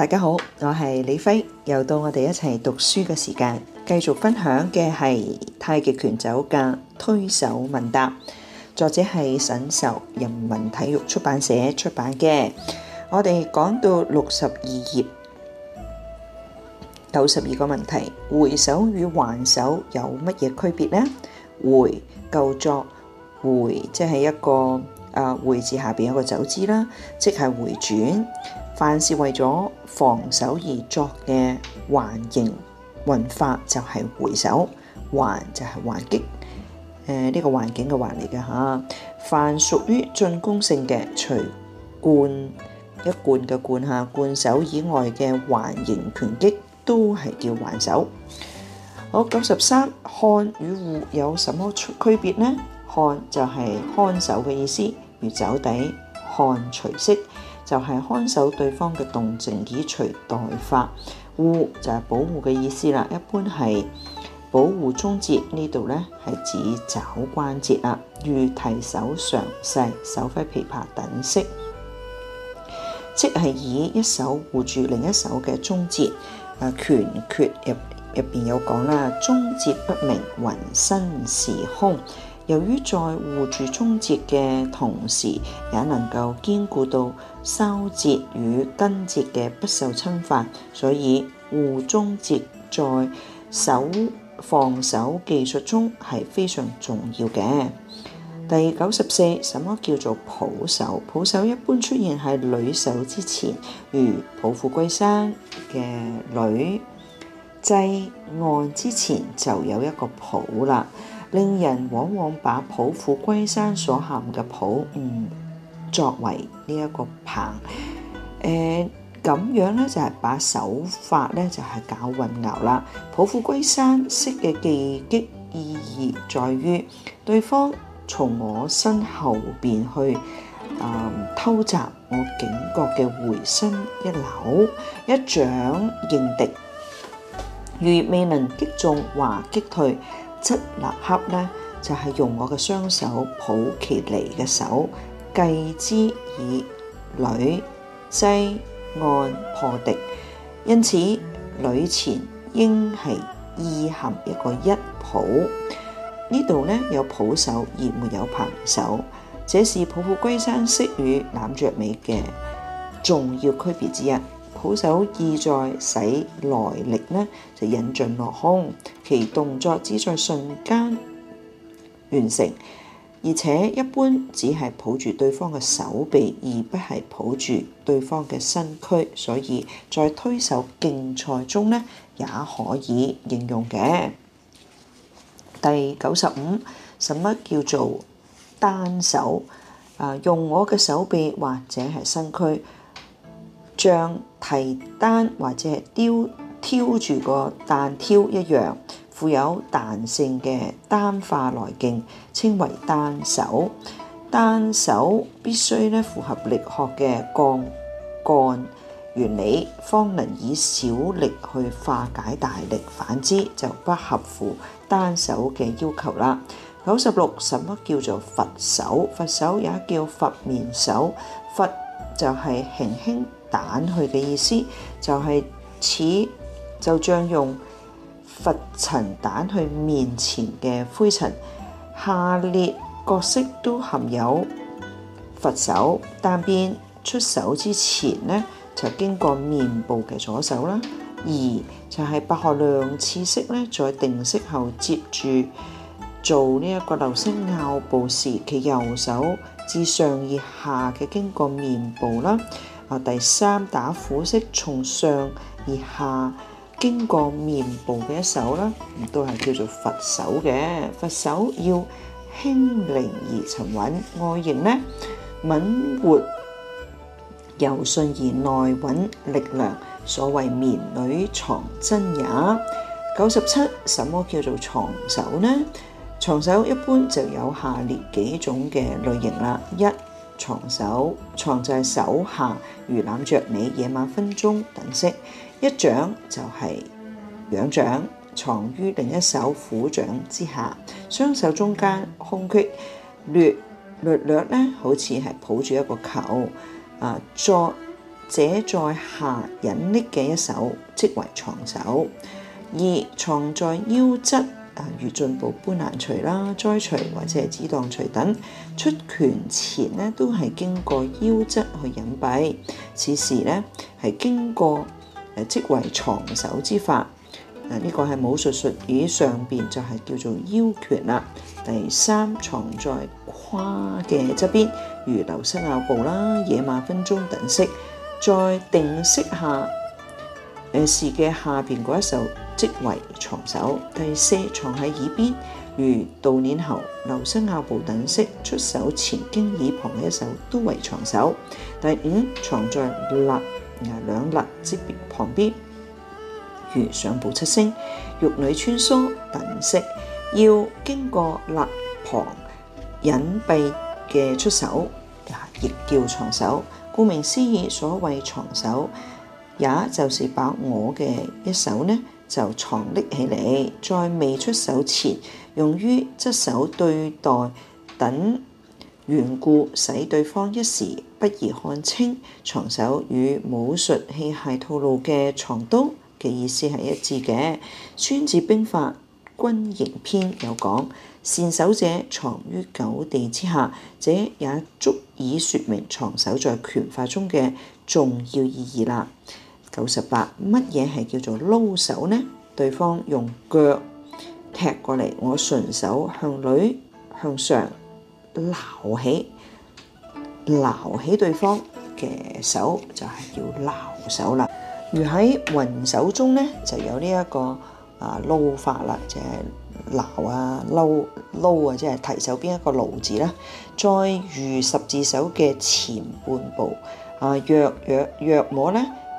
大家好，我係李輝，又到我哋一齊讀書嘅時間，繼續分享嘅係太極拳走架推手問答，作者係沈壽人民體育出版社出版嘅。我哋講到六十二頁九十二個問題，回手與還手有乜嘢區別呢？回，夠作回，即係一個啊回字下邊有個走之啦，即係回轉。凡是為咗防守而作嘅環形運法就係回手，環就係還擊，誒呢個環境嘅環嚟嘅嚇。凡屬於進攻性嘅除貫一貫嘅貫嚇，貫手以外嘅環形拳擊都係叫還手。好，九十三，看與護有什麼區別呢？看就係看守嘅意思，如肘底看捶式。就係看守對方嘅動靜，以隨待發，護就係保護嘅意思啦。一般係保護中節，呢度咧係指肘關節啊，如提手上勢、手揮琵琶等式，即係以一手護住另一手嘅中節。啊，拳訣入入邊有講啦，中節不明，渾身是空。由於在護住中節嘅同時，也能夠兼顧到梢節與根節嘅不受侵犯，所以護中節在手防守技術中係非常重要嘅。第九十四，什麼叫做抱手？抱手一般出現喺捋手之前，如抱虎歸山嘅捋擠按之前就有一個抱啦。令人往往把抱虎歸山所含嘅抱誤作為呢一個掤，誒，咁樣咧就係把手法咧就係搞混淆啦。抱虎歸山式嘅技擊意義在於對方從我身後面去偷襲我，警覺嘅回身一扭，一掌迎敵，如未能擊中或擊退。七立克呢，就係、是、用我嘅雙手抱其離嘅手，繼之以捋擠按破敵，因此捋前應係意含一個一抱。呢度呢，有抱手而沒有掤手，這是抱虎歸山式與攬雀尾嘅重要區別之一。抱手意在使內力呢，就引進落空，其動作只在瞬間完成，而且一般只係抱住對方嘅手臂，而不係抱住對方嘅身軀，所以在推手競賽中呢，也可以應用嘅。第九十五，什麼叫做單手？啊，用我嘅手臂或者係身軀。像提單或者係挑挑住個彈挑一樣，富有彈性嘅單化來勁，稱為單手。單手必須咧符合力學嘅槓桿原理，方能以小力去化解大力。反之就不合乎單手嘅要求啦。九十六，什麼叫做佛手？佛手也叫佛面手，佛就係輕輕。彈去嘅意思就係似就像用拂塵彈去面前嘅灰塵。下列角色都含有佛手，但邊出手之前咧就經過面部嘅左手啦。而就係白鶴亮翅式咧，在定式後接住做呢一個流星拗步時，其右手自上而下嘅經過面部啦。啊！第三打虎式，從上而下經過面部嘅一手啦，咁都係叫做佛手嘅。佛手要輕靈而沉穩，外形呢敏活柔順而內蘊力量。所謂棉裏藏針也。九十七，什麼叫做藏手呢？藏手一般就有下列幾種嘅類型啦，一。藏手藏在手下，如攬着你夜晚分鐘等式。一掌就係仰掌，藏於另一手虎掌之下，雙手中間空缺略。略略略咧，好似係抱住一個球。啊，作者在下隱匿嘅一手即為藏手。二，藏在腰側。如進步搬攔捶啦，栽捶或者係指襠捶等，出拳前咧都係經過腰側去隱蔽，此時咧係經過誒即為藏手之法，誒呢個係武術術語上邊就係、是、叫做腰拳啦。第三藏在胯嘅側邊，如摟膝拗步啦、野馬分鬃等式，再定式下。誒視嘅下邊嗰一手即為藏手；第四藏喺耳邊，如倒攆猴、摟膝拗步等式出手前經耳旁嘅一手都為藏手；第五藏在肋啊兩肋側邊，如上步七星、玉女穿梭等式要經過肋旁隱蔽嘅出手，亦、啊、叫藏手。顧名思義，所謂藏手。也就是把我嘅一手呢，就藏匿起嚟，在未出手前，用於側手，對待等緣故，使對方一時不易看清，藏手與武術器械套路嘅藏刀嘅意思係一致嘅。《孫子兵法·軍形篇》有講，善守者藏於九地之下，這也足以說明藏手在拳法中嘅重要意義啦。九十八，乜嘢係叫做撈手呢？對方用腳踢過嚟，我順手向裏向上撈起、撈起對方嘅手，就係叫撈手啦。如喺雲手中咧，就有呢一個啊撈法啦，即係撈啊、撈撈啊，即係提手邊一個勞字啦。再如十字手嘅前半部啊，弱弱弱摸咧。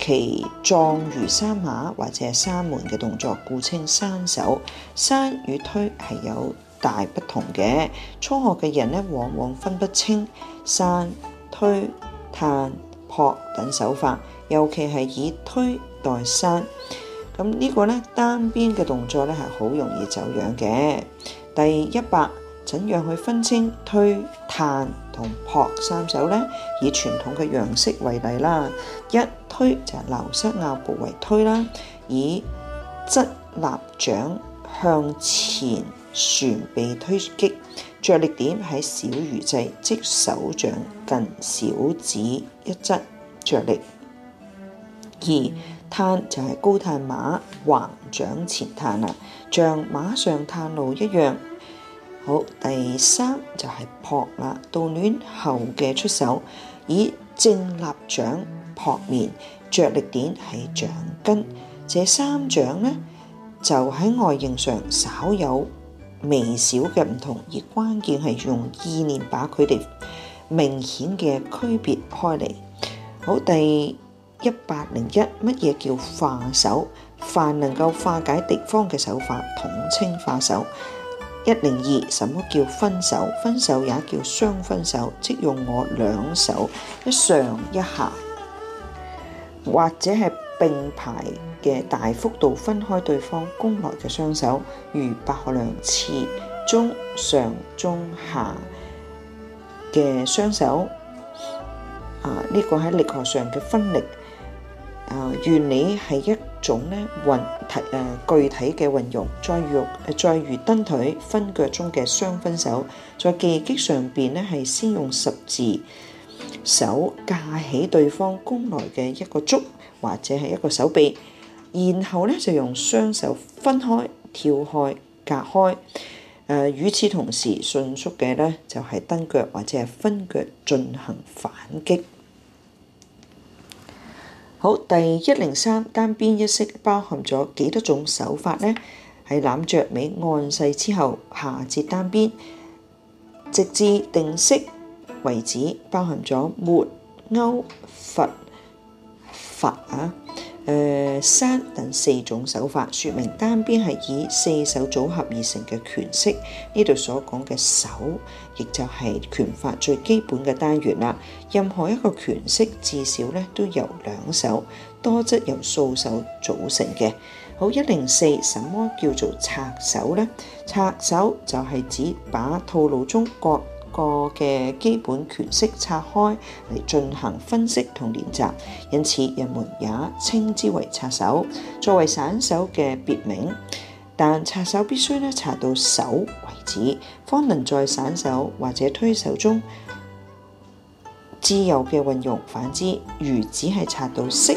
其狀如山馬或者係山門嘅動作，故稱山手。山與推係有大不同嘅。初學嘅人咧，往往分不清山推彈撲等手法，尤其係以推代山。咁呢個咧單邊嘅動作咧，係好容易走樣嘅。第一百，怎樣去分清推彈？同三手咧，以傳統嘅樣式為例啦。一推就係流失拗步為推啦，以側立掌向前旋臂推擊，着力點喺小魚際，即手掌近小指一側着力。二探就係高探馬橫掌前探啦，像馬上探路一樣。好，第三就係撲啦，度暖後嘅出手，以正立掌撲面，着力點係掌根。這三掌呢，就喺外形上稍有微小嘅唔同，而關鍵係用意念把佢哋明顯嘅區別開嚟。好，第一百零一，乜嘢叫化手？凡能夠化解敵方嘅手法，統稱化手。一零二，什麼叫分手？分手也叫雙分手，即用我兩手一上一下，或者係並排嘅大幅度分開對方攻來嘅雙手，如白鶴亮翅中上中下嘅雙手。啊，呢個喺力學上嘅分力。啊！原理係一種咧運體誒具體嘅運用，再如誒再如蹬腿分腳中嘅雙分手，在技擊上邊咧係先用十字手架起對方攻來嘅一個足或者係一個手臂，然後咧就用雙手分開跳開隔開誒。與此同時，迅速嘅咧就係蹬腳或者係分腳進行反擊。好，第一零三，單鞭一式包含咗幾多種手法呢？係攬雀尾按勢之後下接單鞭，直至定式為止，包含咗抹勾佛佛啊。誒三、呃、等四種手法，説明單鞭係以四手組合而成嘅拳式。呢度所講嘅手，亦就係拳法最基本嘅單元啦。任何一個拳式至少咧都由兩手，多則由數手組成嘅。好，一零四，104, 什麼叫做拆手呢？拆手就係指把套路中各個嘅基本拳式拆開嚟進行分析同練習，因此人們也稱之為拆手，作為散手嘅別名。但拆手必須咧拆到手為止，方能在散手或者推手中自由嘅運用。反之，如只係拆到色，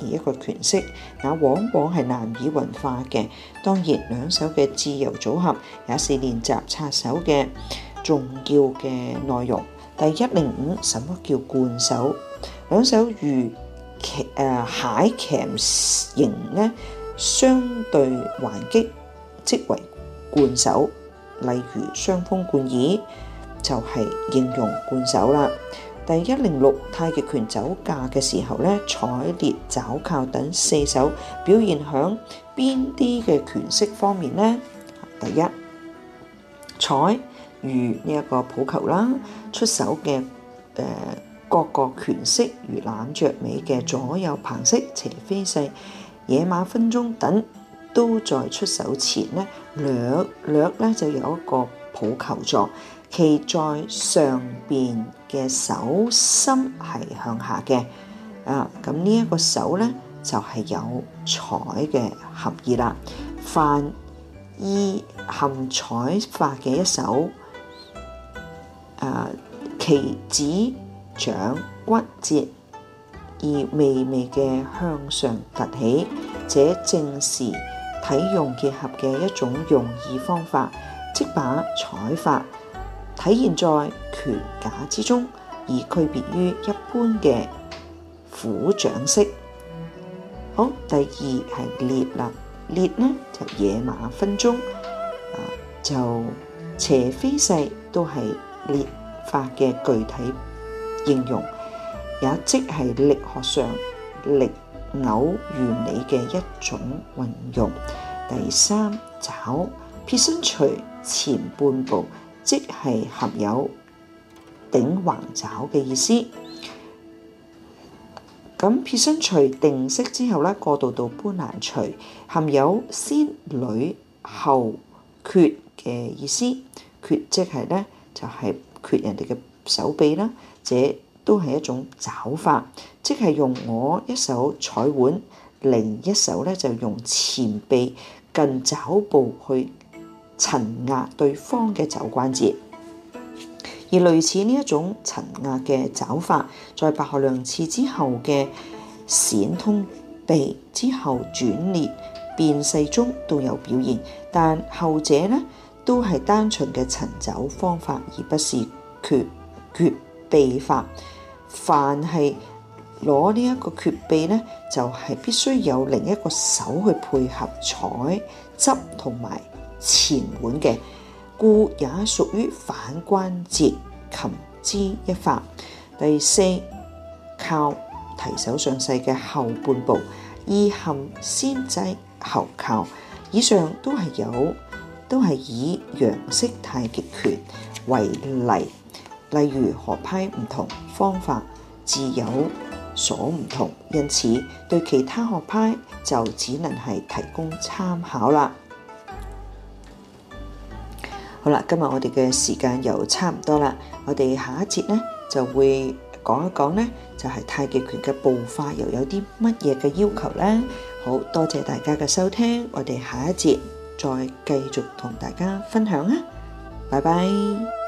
而一個拳式，那往往係難以運化嘅。當然，兩手嘅自由組合也是練習拆手嘅。重要嘅內容，第一零五，什麼叫貫手？兩手如騎誒蟹鉗形咧，相對還擊，即為貫手。例如雙風貫耳，就係應用貫手啦。第一零六，太極拳走架嘅時候咧，採、挒、肘、靠等四手表現響邊啲嘅拳式方面咧？第一，採。如呢一個抱球啦，出手嘅，誒、呃、各個拳式，如攬着尾嘅左右棚式、斜飛勢、野馬分鬃等，都在出手前呢略略咧就有一個抱球狀，其在上邊嘅手心係向下嘅。啊，咁呢一個手呢，就係、是、有彩嘅含意啦，犯意含彩法嘅一手。其指掌骨節而微微嘅向上凸起，這正是體用結合嘅一種用意方法，即把採法體現在拳架之中，而區別於一般嘅虎掌式。好，第二係挒啦，挒呢就野馬分鬃，就斜飛勢都係挒。法嘅具體應用，也即係力學上力偶原理嘅一種運用。第三爪撇身錘前半部，即係含有頂橫爪嘅意思。咁撇身錘定式之後呢，過渡到搬攔錘，含有先捋後決嘅意思。決即係呢，就係、是。缺人哋嘅手臂啦，這都係一種爪法，即係用我一手採腕，另一手咧就用前臂近肘部去沉壓對方嘅肘關節。而類似呢一種沉壓嘅爪法，在白鶴亮翅之後嘅閃通臂之後轉裂變勢中都有表現，但後者咧。都係單純嘅尋找方法，而不是撅、撅臂法。凡係攞呢一個撅臂呢，就係、是、必須有另一個手去配合採執同埋前腕嘅，故也屬於反關節擒之一法。第四靠提手上勢嘅後半部，意含先擠後靠。以上都係有。都係以楊式太極拳為例，例如學派唔同，方法自有所唔同，因此對其他學派就只能係提供參考啦。好啦，今日我哋嘅時間又差唔多啦，我哋下一節呢就會講一講呢就係太極拳嘅步伐又有啲乜嘢嘅要求啦。好多謝大家嘅收聽，我哋下一節。再繼續同大家分享啊，拜拜。